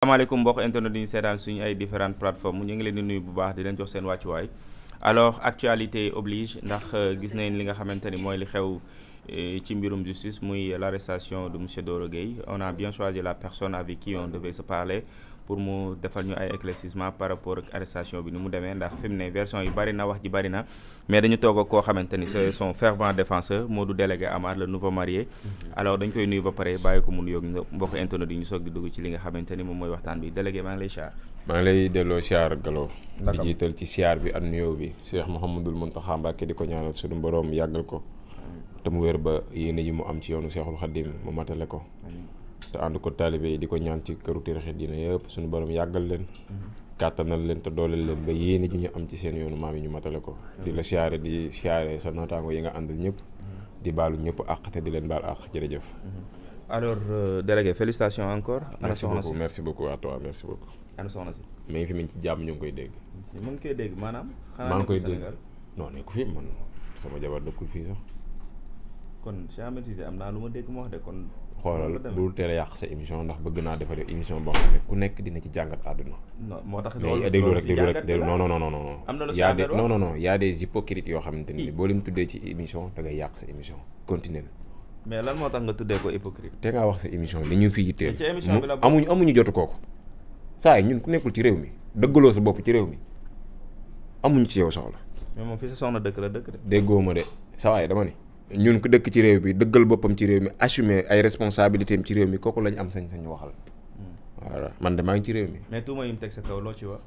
asalaamaaleykum mbokk internet yi sédal suñ ay différentes plateformes ñu ngi leen di nuyu bu baax di leen jox seen way alors actualité oblige ndax euh, gis nañ li nga xamanteni moy li xew euh, ci mbirum justice muy l'arrestation de monsieur Doro Gueye on a bien choisi la personne avec qui on devait se parler pour mu defal ñu ay éclaircissement par rapport ak arrestation bi ni mu demee ndax fi mu ne version yi bari na wax ji bari na mais dañu toog ak koo xamante ni c'est son fervent défenseur Modou Délégué Amar le nouveau marié mhm. alors dañ koy nuyu ba pare bàyyi ko mu nuyoog mbokk internet yi ñu soog dugg ci li nga xamante ni moom mooy waxtaan bi délégué maa ngi lay siyaar maa ngi lay delloo siyaar Galo di jiital bi ak nuyoo bi Cheikh Mouhamadul Mountakha Mbacké di ko ñaanal suñu ko te mu mu am ci yoonu Cheikhul Khadim mu matale ko te ànd ko taalibe yi di ko ñaan ci këru tariixa diine yëpp suñu borom yàggal leen kàttanal leen te dooleel leen ba yéene ji ñu am ci seen yoonu maam yi ñu matale ko di la siyaare di siyaare sa nootaango yi nga àndal ñëpp di baalu ñëpp àq te di leen baal àq jërëjëf alors euh, délégué félicitations encore ana soxna si merci beaucoup à toi merci beaucoup ana soxna fi mi ci jàmm ñu ngi koy dégg mu ngi ko dégg maanaam xanaa maa ngi koy dégg non nekku fi man sama jabar dëkkul fii sax kon Cheikh Ahmed Cissé am naa lu ma dégg mu wax de kon xoolal bul teel yàq sa émission ndax bëgg naa defal émission boo xam ne ku nekk dina ci jàngat àdduna. moo tax déglu rek déglu rek non non non non. am na y' a des non non non ni boo leen tuddee ci émission da ngay yàq sa émission continuer mais lan moo tax nga tuddee ko hypocrite. te ngaa wax sa émission li ñu fi yitteel. ci émission bi la amuñu amuñu jotu kooku. saa yi ñun ku nekkul ci réew mi dëggaloo sa bopp ci réew mi amuñu ci yow soxla. mais moom fii sa soxna dëkk la dëkk de. déggoo ma de saa yi dama ni ñun ku dëkk ci réew bi dëggal boppam ci réew mi assumer ay responsabilité ci réew mi koku lañ am sañ-sañ waxal voilà man dama ngi ci réew mi. mais tuma yim tek sa kaw lo ci wax.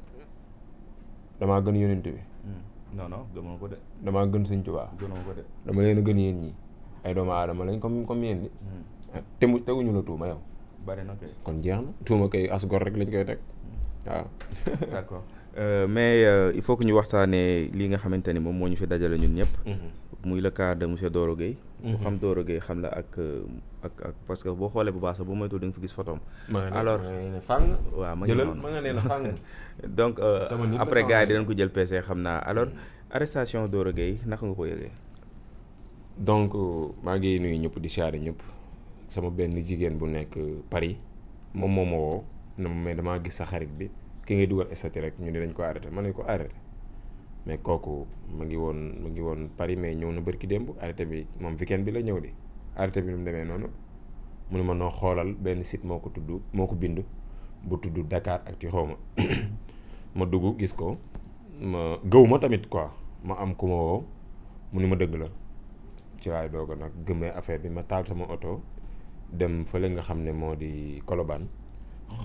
dama gën yonent bi. Hmm. non non gëmoo ko de. dama gën sëñ tuba gëmoo ko de. dama leena gën yeen ñi ay dooma aadama lañ comme comme yeen ni hmm. té mu teguñu la tuma yow. bari na kay kon jeex na tuma kay as gor rek lañ koy tek hmm. waaw. d'accord. Euh, mais euh, il faut que ñu waxtaanee li nga xamante ni moom moo ñu fi dajale ñun ñëpp. Mhm. muy le cas de monsieur Doro Gueye. bu mhm. xam Doro xam la ak euh, ak ak que boo xoolee bu baax sax bu moytuwul da nga fi gis photom alors fang waaw ma ngi noonu ma nga nee na fang donc après ko jël PC xam naa alors mhm. arrestation Doro Gueye naka nga ko yëgee. maa ngi nuyu ñëpp di ñëpp sama benn jigéen bu nekk Paris moom moo ma woo na mais damaa gis sa xarit bi. ki ngay dugal estati rek ñu ni dañ ko arrêté man ko arrêté mais koku mu ngi won mu ngi won Paris mais ñew na barki dembu arrêté bi mom weekend bi la ñew di arrêté bi nu démé nonu mu ne ma noo xoolal site moko tuddu moko bind bu tuddu Dakar ak ci xaw ma duggu gis ko ma gëw tamit quoi ma am kuma wo mu ni ma dëgg la ci laay doog nak gëmé affaire bi ma taal sama auto dem fële nga xam modi di Colobane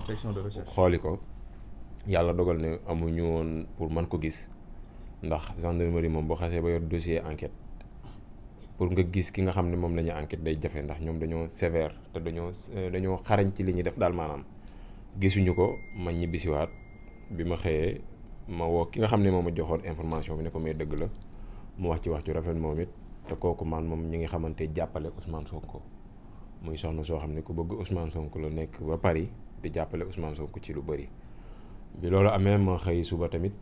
section de recherche xoliko yalla dogal ne ñu won pour man ko gis ndax gendarmerie mom bo xasse ba yor dossier enquête pour nga gis ki nga xamne nyom sever enquête day jafé ndax ñom dañoo sévère te dañoo euh, dañoo xarañ ci li ñuy def dal manam gisunu ko ma ñibbisiwaat waat bima xeye ma wo ki nga xamne moma joxone ma information bi ne ko may deug la mu wax ci wax ju rafet momit te man mom ñi nga xamanté jappalé Ousmane Sonko muy soxna so xamne bëgg Ousmane Sonko la nekk ba Paris di jappalé Ousmane Sonko ci lu bari bi loolu amee ma xëy suba tamit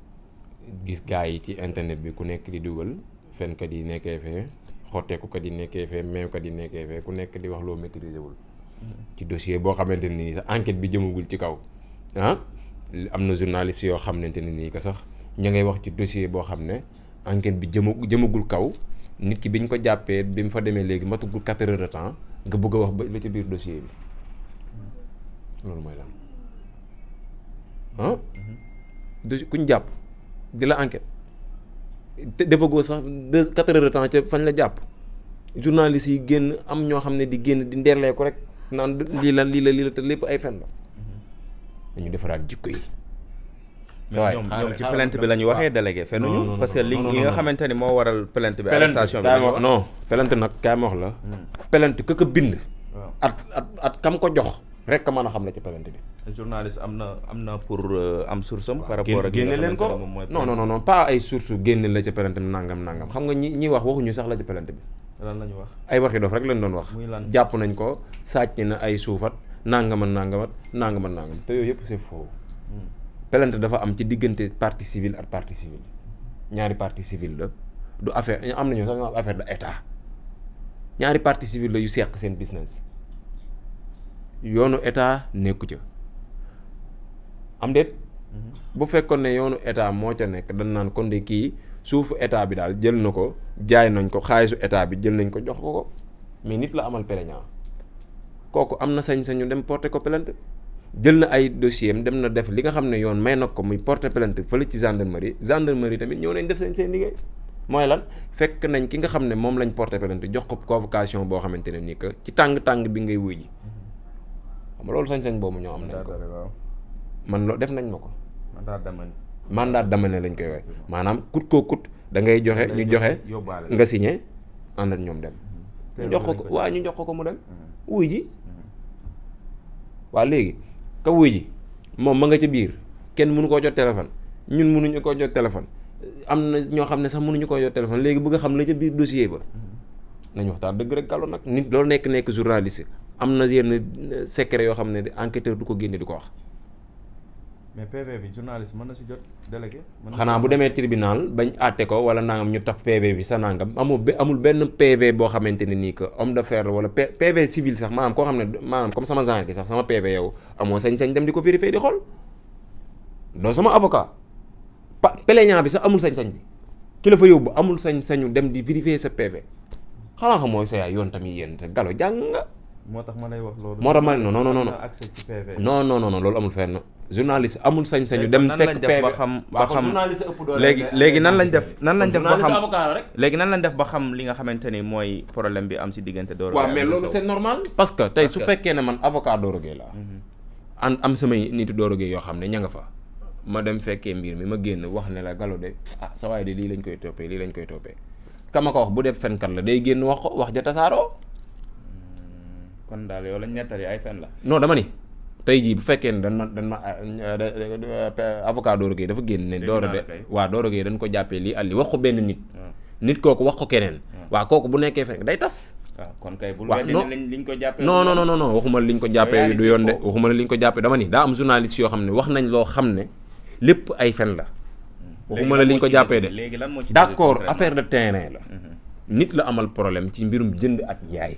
gis gars yi ci internet bi ku nekk di dugal fenkat yi nekkee fee xotteekukat yi nekkee fee meemkat yi nekkee fee ku nekk di wax loo maîtriser wul. Mm-hmm. ci dossier boo xamante ne nii sax enquête bi jëmagul ci kaw ah am na journaliste yoo xamante ne nii que sax ña ngay wax ci dossier boo xam ne enquête bi jëma jëmagul kaw nit ki biñ ko jàppee bi mu fa demee léegi matugul quatre heures de temps nga bëgg a wax ba ci biir dossier bi mm-hmm. loolu mooy lan. Mm-hmm. du kuñ jàpp di la enquête te defagoo sax deux quatre heures de temps ca fañ la jàpp journaliste yi génn am ñoo xam ne di génn di nderlee ko rek naan lii la lii la lii la te lépp ay fen la mm-hmm. dañu defaraat jikko yi. mais ñoom ci plainte bi la ñu waxee délégué. fenuñu parce que li nga ni waral plainte bi. arrestation bi non plainte nag kaay wax la. Mm. plainte këkk bind. at at at kam ko jox. rek mën a xam la ci plainte bi. journaliste am na am na pour euh, am source am. par rapport ak génne leen ko non non non pas ay source génne la ci plainte bi nangam nangam xam nga ñi ñi wax waxuñu sax la ci plainte bi. la ñu wax. ay waxi dof rek lañ doon wax. jàpp nañ ko sàcc na ay suufat nangaman nangamat nangaman nangam te yooyu yëpp c'est faux. Hmm. plainte dafa am ci diggante parti civil ak parti civile ñaari parti civile la du affaire am na nañu sax affaire de état ñaari parti civile yu seq seen business. yoonu état nekku ca am déet mm-hmm. bu fekkoon ne yoonu état moo ca nekk dañ naan kon de kii suufu état bi daal jël na ko jaay nañ ko xaalisu état bi jël nañ ko jox ko ko mais nit la amal plaignant kooku am na sañ-sañu dem porter ko plainte jël na ay dossier am dem na def li nga xam ne yoon may na ko muy porter plainte fële ci gendarmerie gendarmerie tamit ñëw nañ def seen seen liggéey mooy lan fekk nañ ki nga xam ne moom lañ porter plainte jox ko convocation boo xamante ne nii ci tàng-tàng bi ngay wuy ji xam loolu sañ-sañ boobu ñoo am nañ ko man loolu def nañ ma ko mandat ne lañ koy wooye maanaam kut koo kut da ngay joxe ñu joxe nga signé ànd ak ñoom dem mm-hmm. ñu jox ko ko waaw ñu jox ko ko mu dem mm-hmm. wuy ji mm-hmm. waa léegi ka wuy ji moom ma nga ca biir kenn mënu koo jot téléphone ñun mënuñu koo jot téléphone am na ñoo xam ne sax mënuñu koo jot téléphone léegi bëgg a xam la ca biir dossier ba nañ waxtaan dëgg rek kàllu nag nit loolu nekk nekk journaliste am na yenn euh, secret yoo xam ne enquêteur du ko génne di ko wax. mais PV bi journaliste mën na si jot délégué. xanaa bu demee tribunal bañ àtte ko wala nangam ñu taf PV bi sa nangam amul amul benn PV boo xamante ne nii que homme d'affaires wala PV civil sax maanaam koo xam ne maanaam comme sama genre gi sax sama PV yow sañ-sañ dem di ko vérifier di xool sama avocat pa bi sax amul sañ-sañ bi ki fa yóbbu amul sañ-sañu dem di vérifier sa PV xanaa xam mooy sa yaay yoon tamit yéen te galo jàng nga moo tax ma lay wax loolu. moo tax ma ne non non non non non non non non loolu amul fenn journaliste amul sañ-sañu eh, dem fekk PV ba xam ba xam léegi léegi nan lañ def nan lañ def ba xam léegi nan lañ def ba xam li nga xamante ni mooy problème bi am si diggante Doro Gaye waaw mais loolu c'est normal parce que tey su fekkee ne man avocat Doro Gaye laa mhm. an am samay nitu Doro Gaye yoo xam ne ña nga fa ma dem fekkee mbir mi ma génn wax ne la galo de ah sa waay de lii lañ koy toppee lii lañ koy toppee kama ko wax bu def fenkat la day génn wax ko wax ja tasaaroo kon daal yow lañ nettali ay fen la. non dama ni tey jii bu fekkee ne dañ ma dañ ma eh, avocat Doro Gueye dafa génn ne. Doro de waa Doro gee dañ ko jàppee lii àlli wax ko benn nit. Hmm. nit kooku wax ko keneen. Hmm. waaw kooku bu nekkee day tas. waaw ah, kon kay bul liñ ko jàppee. non non non non waxuma liñ ko jàppee du yoon de waxuma liñ ko jàppee dama ni daa am journaliste yoo xam ne wax nañ loo xam ne lépp ay fen la. Hmm. waxuma la liñ ko jàppee de d'accord affaire de terrain la. nit la amal problème ci mbirum jënd ak njaay.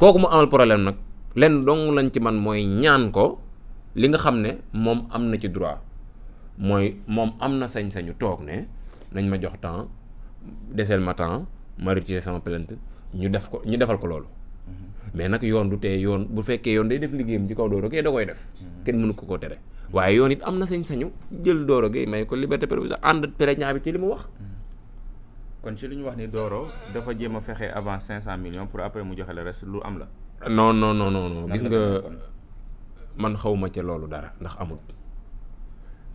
kooku mu amal problème nag lenn dong lañ ci man mooy ñaan ko li nga xam ne moom am na ci droit mooy moom am na sañ-sañu toog ne nañ ma jox temps deseel ma temps ma retiré sama plainte ñu def ko ñu defal ko loolu mhm. mais nag yoon du te yoon bu fekkee yoon day def liggéeyam ci kaw Doro Gaye da koy def mhm. kenn mënu ko koo tere waaye yoon it am na sañ-sañu jël Doro Gaye may ko liberté provisoire ànd président bi ci li mu wax mhm. kon ci lu ñu wax ni dooro dafa jéem a fexe avant 500 millions pour après mu joxe le reste lu am la. non non non non gis nga man xawma ci loolu dara ndax amul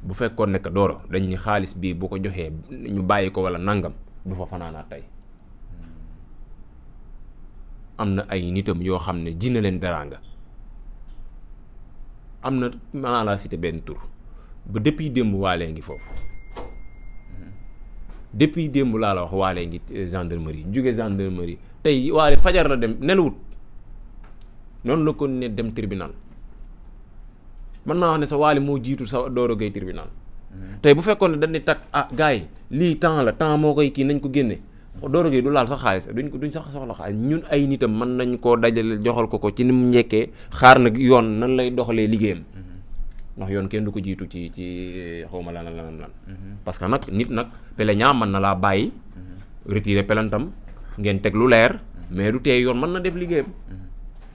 bu fekkoon nekk Doro dañ xaalis bii bu ko joxee ñu bàyyi ko walla nangam du fa fanaanaat tey am na ay nitam yoo xam ne ji na leen daraanga am na maanaam laa cité benn tur ba depuis démb waalee ngi foofu. depuis démb laa la wax waalee ngi euh, gendarmerie jóge gendarmerie tey waale fajar la dem nelawut noonu la ko ne dem tribunal mën naa wax ne sa waale moo jiitu sa dooro Gueye tribunal mhm. tey bu fekkoon ne dañ ne takk ah gars yi lii temps la temps moo koy kii nañ ko génne Doro Gueye du laal sax xaalis duñ ko duñ sax soxla xaalis ñun ay nitam mën nañ koo dajale joxal ko ko ci ni mu njëkkee xaar nag yoon nan lay doxalee liggéeyam mhm. ndax yoon kenn du ko jiitu ci ci xawma lan lan lan mhm. parce que nak nit nag plaignant man na la bayyi mhm. retirer pelantam ngeen teg lu leer mhm. mais du tee yoon man na def liggéeyam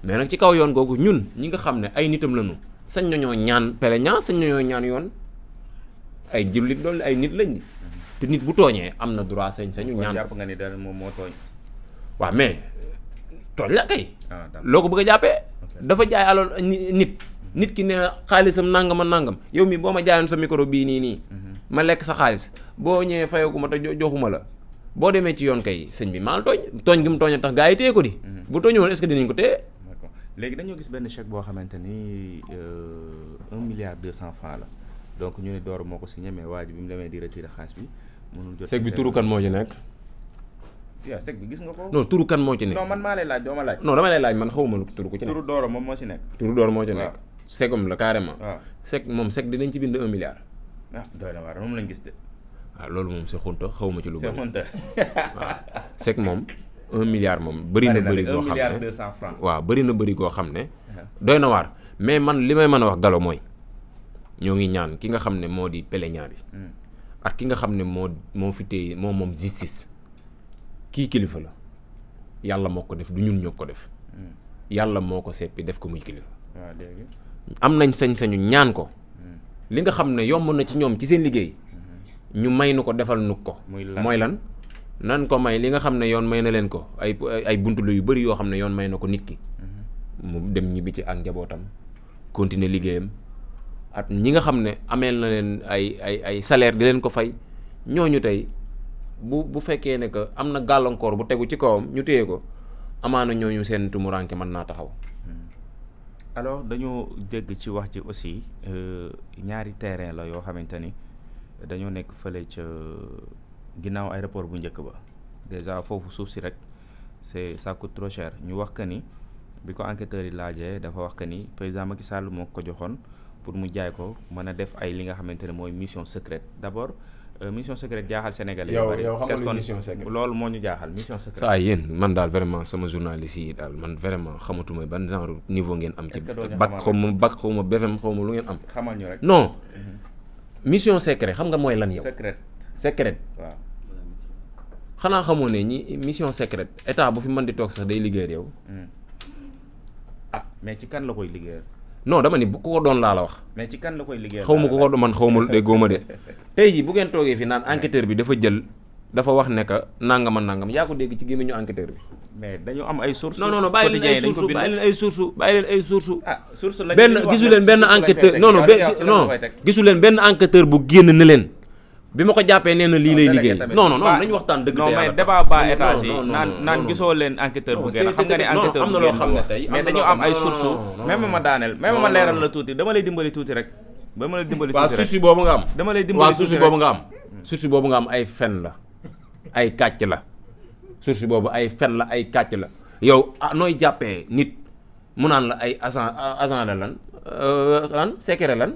mais nak ci kaw yoon gogu ñun ñi nga xam ay nitam lañu sañ ñoño ñaan plaignant sañ ñoño ñaan yoon ay jullit dool ay nit lañ te nit bu toñé amna droit sañ sañu ñaan japp nga ni dal mo mo toñ wa mais toñ la kay ah, bëgg jappé dafa jaay nit nit ki ne xaalisam nangam nangam yow mi boma jaayon sa micro bi ni ni mhm. ma lek sa xaalis bo ñëwee fayeeku ma te joxuma la bo demee ci yoon kay señ bi maal toñ toñ gi mu tooñ tax gaay yi di. Mhm. bu tooñu woon est-ce dinañ ko téye. légui dañu gis ben chèque bo xamanteni euh 1 milliard 200 francs la donc ñu ni door moko signé mais waji bimu démé di retirer xaalis bi. mënul jot chèque bi turu kan mo ci nek ya chèque bi gis nga ko. non turu kan mo ci nek non man ma lay laaj doo ma laaj. non dama lay laaj man xawma lu turu ko ci nek turu Doro mo mo ci nek turu Doro mo ci nek segom la carrément. waaw ah. sec moom sec dinañ ci bind un milliard. ah doy na gis de. waaw ah, loolu moom sa xunta xaw ma ci lu. sa xunta waaw sec moom un milliard moom. bëri na bëri goo xam ne waaw ah. bëri na bëri goo xam ne. doy na waar mais man li may mën a wax galo mooy ñoo ngi ñaan ki nga xam ne moo di plaignant bi. Hmm. ak ki nga xam ne moo moo fi téye moo moom justice kii kilifa la yàlla moo ko def du ñun ñoo ko def. Hmm. yàlla moo ko seppi def ko muy kilifa. am nañ sañ-sañu ñaan ko hmm. li nga xam ne yomb na ci ñoom ci seen liggéey hmm. ñu may nu ko defal nu ko. mooy lan nan ko may li nga xam ne yoon may na leen ko ay ay buntu lu yu bëri yoo xam ne yoon may na ko nit ki. Hmm. mu dem ñibbi ci ak njabootam continuer liggéeyam at ñi nga xam ne ameel na leen ay ay ay salaire di leen ko fay ñooñu tey bu bu fekkee ne que am na gàllankoor bu tegu ci kawam ñu téye ko amaana ñooñu seen tumuraanke mën naa taxaw. alors dañoo dégg ci wax ci aussi euh, ñaari terrain la yoo xamante ni dañoo nekk fële ca euh, ginnaaw aéroport bu njëkk ba déjà foofu suuf si rek c'est ça coûte ñu wax que ni bi ko enquêteurs yi laajee dafa wax que ni président Macky Sall moo ko joxoon pour mu jaay ko mën a def ay li nga xamante ne mooy mission secrète d'abord. Euh, mission secrète jaaxal sénégalais. yow yow xam nga mission secrète loolu moo ñu jaaxal mission secrète. saa yéen man daal vraiment sama journaliste yi daal man vraiment xamatuma ban genre niveau ngeen am. ci bac xaw ma bac xaw BFM xaw lu ngeen am. xamal ñu rek non. Mhm. mission secrète xam nga mooy lan yow. secrète secrète. waaw. xanaa xamoo ne ñi mission secrète état bu fi mën di toog sax day liggéey yow. Mhm. ah mais ci kan la koy liggéeyal. non dama ni bu ko doon laa la wax. mais ci kan la koy liggéeyal xaw ko ko man xaw ma déggoo ma de. tey jii bu ngeen toogee fi naan enquêteur bi dafa jël dafa wax ne que nangam a nangam yaa ko dégg ci gémmiñu enquêteur bi. mais dañu am ay sources. non non non bàyyi leen ay sources bàyyi leen source lañ benn gisu leen benn enquêteur non non non gisu leen benn enquêteur bu génn na leen. bi ma ko jàppee nee lii lay liggéey non non non waxtaan dëgg non gisoo leen enquêteur bu ngeen xam nga ne ma daaneel même ma leeral la tuuti dama lay dimbali tuuti rek ba ma dimbali waaw sursis boobu nga am dama lay boobu nga am sursis boobu nga am ay fen la ay kàcc la sursis boobu ay fen la ay kàcc la yow ah, nooy jàppee nit mu naan la ay agent agent la lan euh, lan secret lan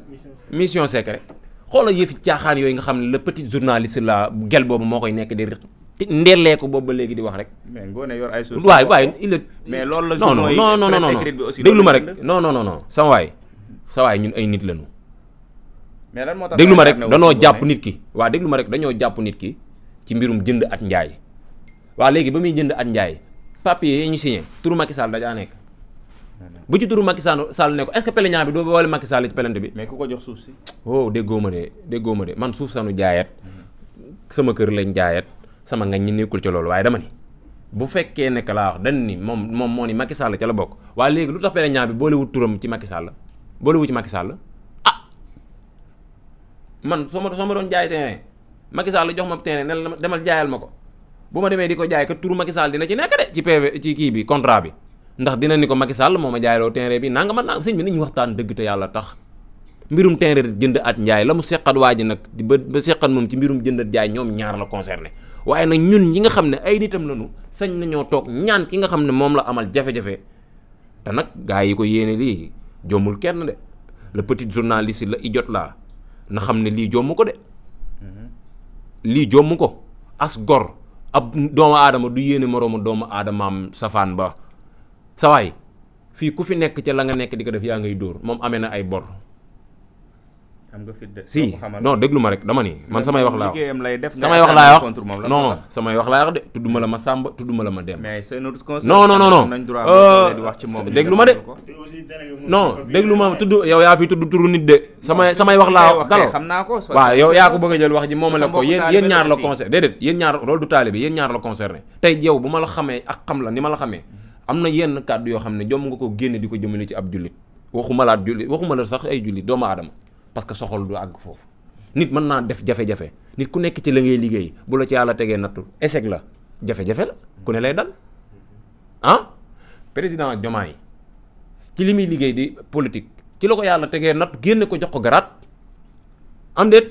mission secret xoolal yëfi caaxaan yooyu nga xam ne le petit journaliste la gel boobu moo koy nekk di ndellee ko boobu ba léegi di wax rek. mais ngoone yor ay sources waay waay il mais loolu la non non non non non déglu ma rek non non non non sama waay sa waay ñun ay nit lañu mais punitki. ma rek dañoo jàpp nit ki waa déglu ma rek dañoo jàpp nit ki ci mbirum jënd at njaay waa léegi ba muy jënd at njaay papier yi ñu signé turu Macky Sall dajaa nekk bu ci turu Macky Sall ne ko est-ce que peleñaa bi doo boole Macky Sall ci bi. mais ku jox suuf si. oh déggoo ma de déggoo ma de man suuf sanu jaayat sama kër lañ jaayat sama ngañ ñi nekkul ci loolu waaye dama ni bu fekkee nekk laa wax dañ ni moom moom moo ni Macky Sall ca la bokk waaye léegi lu tax peleñaa bi boolewut turam ci Macky Sall boolewu ci Macky Sall. man soo ma ma doon jaay terrain Macky la jox ma terrain ne la demal jaayal ma ko bu ma demee di ko jaay kat turu Macky Sall dina ci nekk de ci PV ci kii bi contrat bi ndax dina ni ko Macky Sall moom ma jaayloo terrain bi nanga man naa sëñ bi nañu waxtaan dëgg te yàlla tax mbirum terrain jënd at njaay la mu seqat waa ji nag ba ba seqat moom ci mbirum jënd at jaay ñoom ñaar la concerné waaye nag ñun ñi nga xam ne ay nitam lañu sañ nañoo toog ñaan ki nga xam ne moom la amal jafe te nag gaa yi ko yéene lii jombul kenn de le petit journaliste la jot laa na xam ne lii jomm ko de lii jomm ko as gor ab doomu aadama du yéene moroomu doomu aadamaam safaan ba sawaay fii ku fi nekk ca la nga nekk di ko def yaa ngay dóor moom amee na ay bor si oh, non deg ma rek dama ni man samay wax laa wax samay wax laa wax non samay wax laa wax de no, la ma sàmba no, la ma dem mais c'est notre conseil non non non non ma de non déglu ma tudd yow yaa fi tudd turu nit de samay samay wax laa wax dalo wa naa ko waaw yow yaa ko bëgg a jël wax ji moom la ko yéen yéen ñaar la concerné ñaar du ñaar la bu la ak xam la ni la am na yenn kàddu jom nga ko génne di ko jëmale ci ab julit waxuma laat julit waxuma la sax ay do ma adam parce que soxol du ag fofu nit man na def jafe-jafe nit ku nek ci la ngay liggéey bu la ci yalla tégué natou échec la jafe-jafe la ku ne lay dal han ah? président Diomaye ci limi liggéey di politique ci lako yalla tégué tegee nattu ko jox ko garaat am déet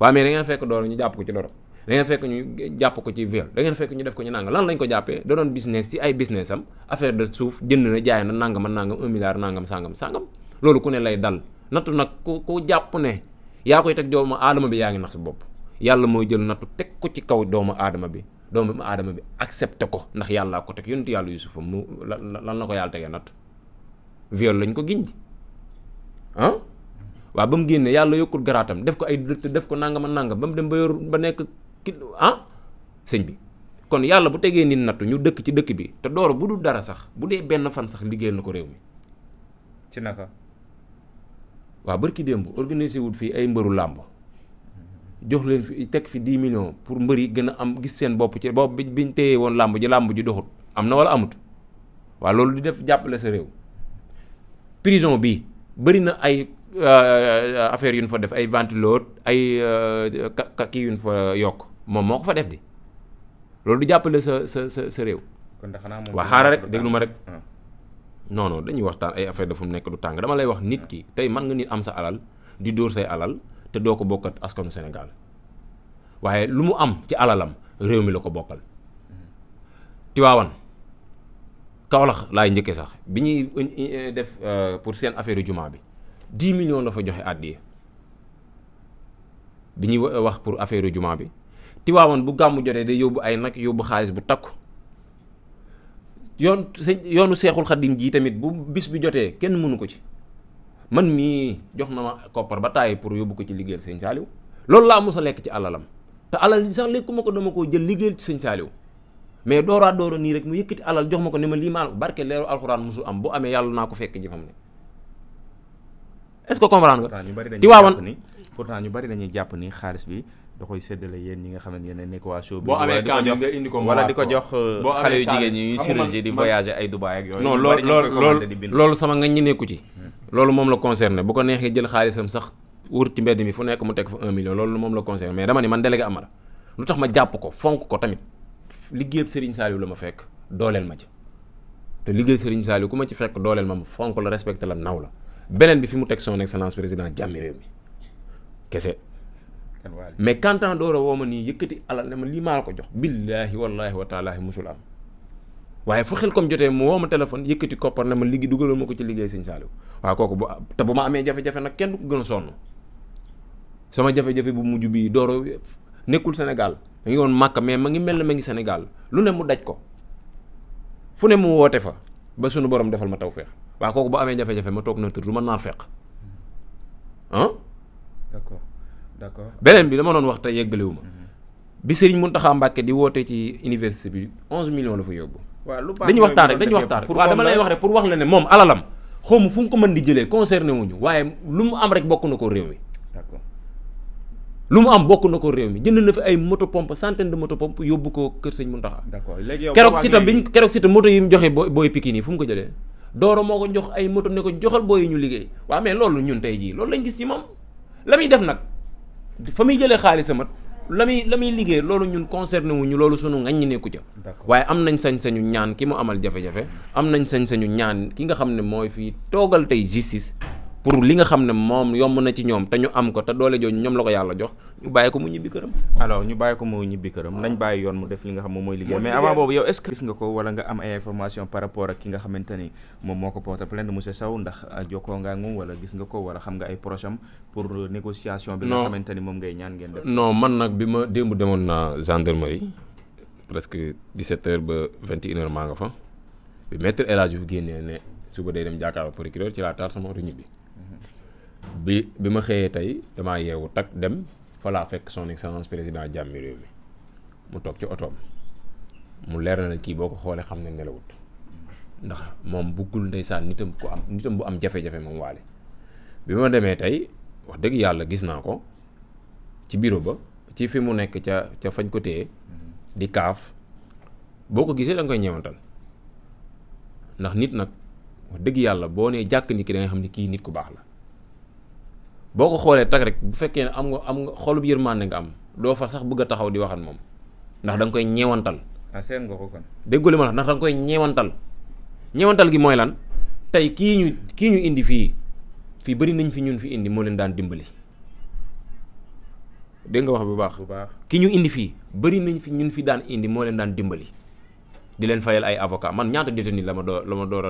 waaye mais da ngeen fekk door ñu japp ko ci doro da ngeen fekk ñu japp ko ci vel da ngeen fekk ñu def ko ñu nang lan lañ ko jappé da doon business ci ay business am affaire de souf jënd na jaay na nangam a nangam 1 milliard nangam sangam sangam lolu ku ne lay dal Natu nak ku ku japp ne ya koy tek doomu adama bi yaangi nax sa bop yalla moy jël natu tek ko ci kaw doomu adama bi doomu adama bi accepté ko ndax yalla ko tek yunit yalla yusufa mu lan la ko yalla tege natu viol lañ ko giñ ah wa bam genné yalla yokul gratam def ko ay dëtt def ko nangam nangam bam dem ba yor ba nek han ah bi kon yalla bu tege nit natu ñu dëkk ci dëkk bi te door bu du dara sax bu dé ben fan sax liggéel nako mi ci naka waaw bërki démb organiser wut fii ay mbëru làmb jox leen fi teg fi 10 million pour mbër yi gën a am gis seen bopp ci bopp biñ biñ téyee woon làmb ji làmb ji doxut am na wala amut waaw loolu di def jàppale sa réew prison bi bëri na ay euh, euh, affaire yu nu fa def ay ventilo ay euh, kaki yu ñu fa yokk moom moo ko fa def di loolu di jàppale sa sa sa réew. kon de xanaa moom waa xaaral rek déglu ma rek. non non dañuy waxtaan ay affaire dafa nekk du tàng dama lay wax nit ki tey man nga nit am sa alal di dóor say alal te doo ko bokkat askanu Sénégal waaye lu mu am ci alalam réew mi la ko bokkal Tiwaawan Kaolack laay njëkkee sax bi ñuy euh, euh, def euh, pour seen affaire juma bi 10 millions la fa joxe àddiya bi ñuy wax pour affaire juma bi Tiwaawan bu gàmmu jotee day yóbbu ay nag yóbbu xaalis bu takku yoon sëñ yoonu seexul xaddim ji tamit bu bis bi jotee kenn mënu ko ci man mii jox na ma koppar ba tàyyi pour yóbbu ko ci liggéeyal sëñ saaliw loolu laa mos a lekk ci alalam te alal ji sax lékkuma ko dama koo jël liggéeyal ci sëñ saaliw mais dooraa doora nii rek mu yëkkati alal jox ma ko ne ma lii maa barke leeru alxuraan mosul am bu amee yàlla naa ko fekk ji fam ne est-ce que comprendre nga. ci waawoon pourtant ñu bari dañuy jàpp ni xaalis bi. da koy séddale yéen ñi nga xam ne yéen a nekk waa show boo amee kaamil nga indi ko wala di ko jox euh, xale yu jigéen ñi ñuy chirurgie di voyager ay Dubaay ak yooyu. non loolu loolu loolu sama nga ñi nekku ci. Hmm. loolu moom la concerné bu ko neexee jël xaalisam sax wër ci mbedd mi fu nekk mu teg fa un million loolu moom la concerné mais dama ni man délégué Amara lu tax ma jàpp ko fonk ko tamit liggéeyab Serigne Saliou la ma fekk dooleel ma ci te liggéey Serigne Saliou ku ma ci fekk dooleel ma ma fonk la respecté la naw la beneen bi fi mu teg son excellence président jàmmi réew mi kese Kan mais kanta doora woo ma nii yëkkati alal ne ma li maa ko jox billahi wallahi wa ta'ala musul am waye fu xel kom jotee mu woma ma téléphone yëkkati koppar ne ma ligi dugaloo ma ko ci liggéey seigne salou wa koku ta buma amé ma jafé nak kenn du ko sama jafé jafé bu bi bii dooro nekkul Sénégal ma ngi won makka mais ma ngi mel ma ngi Sénégal lu ne mu daj ko fu ne mu woote fa ba sunu borom defal ma tawfiq wa koku bu amé jafé jafé ma tok na tër ma na fekk hein d'accord d'accord beneen bi dama doon wax te yeggalewu ma mhm. bi Serigne Mountakha Mbacké di woote ci université bi onze millions la fa yóbbu. waaw lu dañuy waxtaan rek dañu waxtaan rek waaw dama lay wax rek pour wax la ne moom alalam xaw ma fu ko mën di jëlee concerné wuñu waaye lu mu am rek bokk na ko réew mi. d'accord lu mu am bokk na ko réew mi jënd na fi ay moto pomp centaine moto pompe yóbbu ko Kër Sëñ Mountakha. d'accord léegi yow keroog si tam keroog si moto yi mu joxe booy booy Pikine yi fu mu ko jëlee. dooro moo ko jox ay moto ne ko joxal booy ñu liggéey waa mais loolu ñun tey jii loolu lañ gis ci moom la muy def nag fa muy jëlee xaalisam at la muy la muy liggéey loolu ñun concerné ñu loolu sunu ngañ nekku ca waaye am nañ sañ-sañu ñaan ki mu amal jafe-jafe am nañ sañ-sañu ñaan ki nga xam ne mooy fii toogal tey justice pour li nga xamne mom yom na ci ñom te ñu am ko te doole joj ñom la ko yalla jox ñu bàyyi ko mu ñibi kërëm alors ñu bàyyi ko mu ñibi kërëm nañ bàyyi yoon mu def li nga xam mooy liggéey mais avant bobu yow est ce que gis nga ko wala nga am ay information par rapport ak ki nga xamanteni mom moko moo ko porte plainte monsieur saw ndax joko nga ak wala gis nga ko wala xam nga ay proche am pour négociation bi nga xamanteni mom ngay ñaan ngeen def non man nak bima dembu demon na gendarmerie presque 17 h ba 21 h ma nga fa bi maître eladjou guéné né suba day dem jàkkaarloo procureur ci la taar sama oto ñibbi bi bi ma xëyee tey damaa yeewu tak dem falaa laa fekk son excellence président jàmmi mi mu toog ci otoom mu leer na la kii boo ko xoolee xam ne nelawut ndax moom buggul ndey ndeysaan nitam ku am nitam bu am jafe-jafe moom waale bi ma demee tey wax dëgg yàlla gis naa ko ci bureau ba ci fi mu nekk ca ca fañ ko téye mm-hmm. di kaaf boo ko gisee da koy ñeewantal ndax nit nag wax dëgg yàlla boo nee jàkk ni ki da xam ne kii nit ku baax la boko xolé tak rek bu fekkee am nga am nga xolub yermane nga am do fa sax bëgg taxaw di waxan mom. ndax dang koy ñewantal a ah, seen nga ko kon. deggul li ma ndax dang koy ñewantal ñewantal gi moy lan tay ki ñu ki ñu indi fi fi bari nañ fi ñun fi indi mo leen daan dimbali. de nga wax bu baax. bu baax ki ñu indi fi bari nañ fi ñun fi daan indi mo leen daan dimbali. di leen fayal ay avocat man ñaata detenu lama do lama do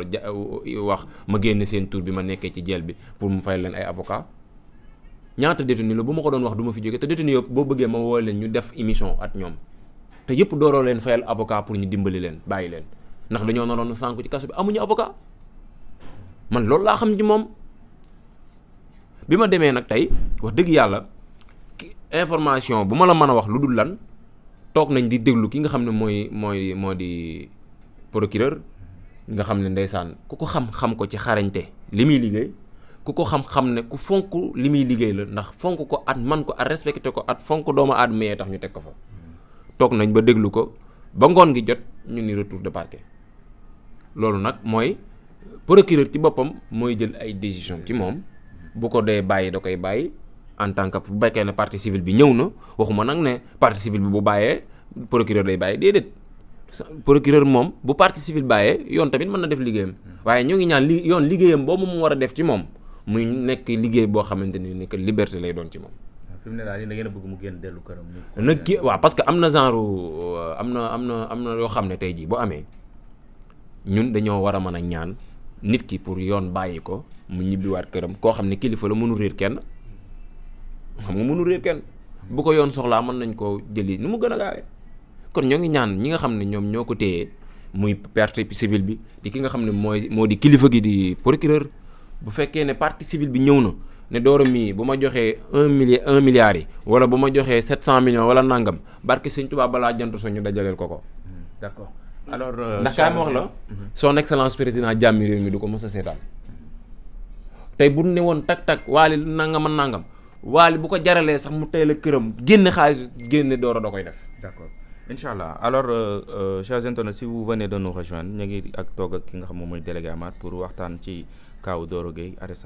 wax ma genn seen tour bi ma ci jël bi pour mu fayal leen ay avocat ñaata détenu la bu ma ko doon wax du ma fi jóge te détenu yëpp boo bëggee ma woo leen ñu def émission ak ñoom te yëpp dooroo leen fayal avocat pour ñu dimbali leen bàyyi leen ndax dañoo naroon sànku ci kaso bi amuñu avocat man loolu laa xam ci moom bi ma demee nag tey wax dëgg yàlla information bu ma la mën a wax lu dul lan toog nañ di déglu ki nga xam ne mooy mooy moo di procureur nga xam ne ndeysaan ku ko xam xam ko ci xarañte li muy liggéey ku ko xam-xam ne ku fonk li muy liggéey la ndax fonk ko at man ko at respecté ko at fonk doomu aadama yee tax ñu teg ko fa toog nañ ba déglu ko ba ngoon ngi jot ñu ni retour de parquet loolu nag mooy procureur ci boppam mooy jël ay décision ci moom bu ko dee bàyyi da koy bàyyi en tant que bu fekkee ne partie civile bi ñëw na waxuma nag ne partie civile bi bu bàyyee procureur day bàyyi déedéet procureur moom bu partie civil bàyyee yoon tamit mën na def liggéeyam waaye ñoo ngi ñaan li yoon liggéeyam boobu mu war a def ci moom muy nekk liggéey boo xamante ni ni liberté lay doon ci moom. fi mu ne daal da ngeen a bëgg mu génn dellu këram. na ki waaw parce que am na genre euh, am na am na am na yoo xam ne tey jii bu amee ñun dañoo war a mën a ñaan nit ki pour yoon bàyyi ko mu ñibbiwaat këram koo xam ne kilifa la mënu réer kenn xam nga mënu réer kenn bu ko yoon soxlaa mën nañ koo jëli nu mu gën a gaawee kon ñoo ngi ñaan ñi nga xam ne ñoom ñoo ko muy perte civile bi di ki nga xam ne mooy di kilifa gi di procureur. bu fekkee ne partie civile bi ñëw na ne Doro mii bu ma joxee un millier un milliard yi wala bu ma joxee sept cent millions wala nangam barki Sëñ Tuubaa balaa jant so ñu dajaleel ko ko. Hmm, d'accord alors. Euh, ndax kaay wax la. son excellence président jàmmi réew mi du ko mos a seetaan. tey bu ne woon tak tak waali nangam nangam waali bu ko jaralee sax mu teel a këram génne xaalis génne Doro da koy def. d'accord incha allah alors euh, euh, chers internautes si vous venez de nous rejoindre ñu ngi ak toog ak ki nga xam moom mooy délégué Amar pour waxtaan ci. ka o